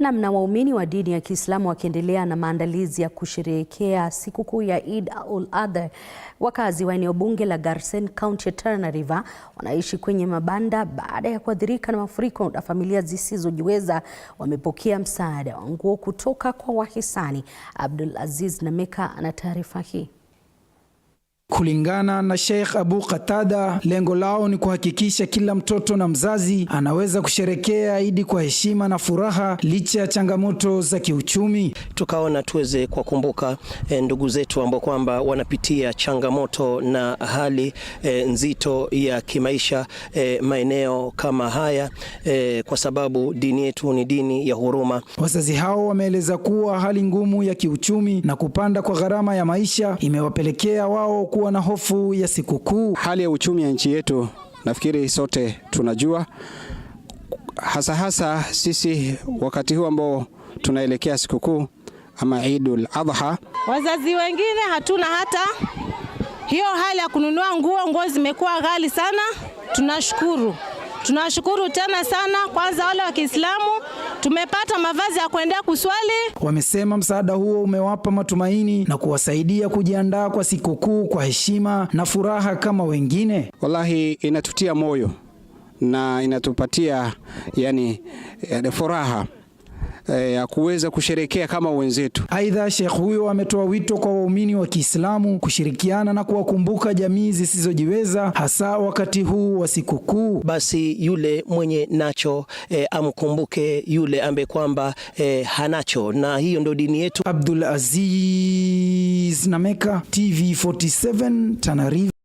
Namna waumini wa dini ya Kiislamu wakiendelea na maandalizi ya kusherehekea sikukuu ya Eid al Adha, wakazi wa eneo bunge la Garsen, kaunti ya Tana River, wanaishi kwenye mabanda baada ya kuathirika na mafuriko na familia zisizojiweza wamepokea msaada wa nguo kutoka kwa wahisani. Abdul Aziz Nameka ana taarifa hii. Kulingana na Sheikh Abu Qatada, lengo lao ni kuhakikisha kila mtoto na mzazi anaweza kusherekea Idi kwa heshima na furaha licha ya changamoto za kiuchumi tukaona tuweze kuwakumbuka e, ndugu zetu ambao kwamba wanapitia changamoto na hali e, nzito ya kimaisha e, maeneo kama haya e, kwa sababu dini yetu ni dini ya huruma. Wazazi hao wameeleza kuwa hali ngumu ya kiuchumi na kupanda kwa gharama ya maisha imewapelekea wao kuwa na hofu ya sikukuu. Hali ya uchumi ya nchi yetu nafikiri sote tunajua, hasa hasa sisi wakati huu ambao tunaelekea sikukuu ama Idul Adha. Wazazi wengine hatuna hata hiyo hali ya kununua nguo, nguo zimekuwa ghali sana. Tunashukuru, tunashukuru tena sana, kwanza wale wa Kiislamu tumepata mavazi ya kuendea kuswali. Wamesema msaada huo umewapa matumaini na kuwasaidia kujiandaa kwa sikukuu kwa heshima na furaha kama wengine. Wallahi, inatutia moyo na inatupatia yani eh, furaha eh, ya kuweza kusherekea kama wenzetu. Aidha, Sheikh huyo ametoa wito kwa waumini wa Kiislamu kushirikiana na kuwakumbuka jamii zisizojiweza hasa wakati huu wa sikukuu. Basi yule mwenye nacho e, amkumbuke yule ambaye kwamba e, hanacho, na hiyo ndio dini yetu. Abdul Aziz Nameka, TV 47 Tanariva.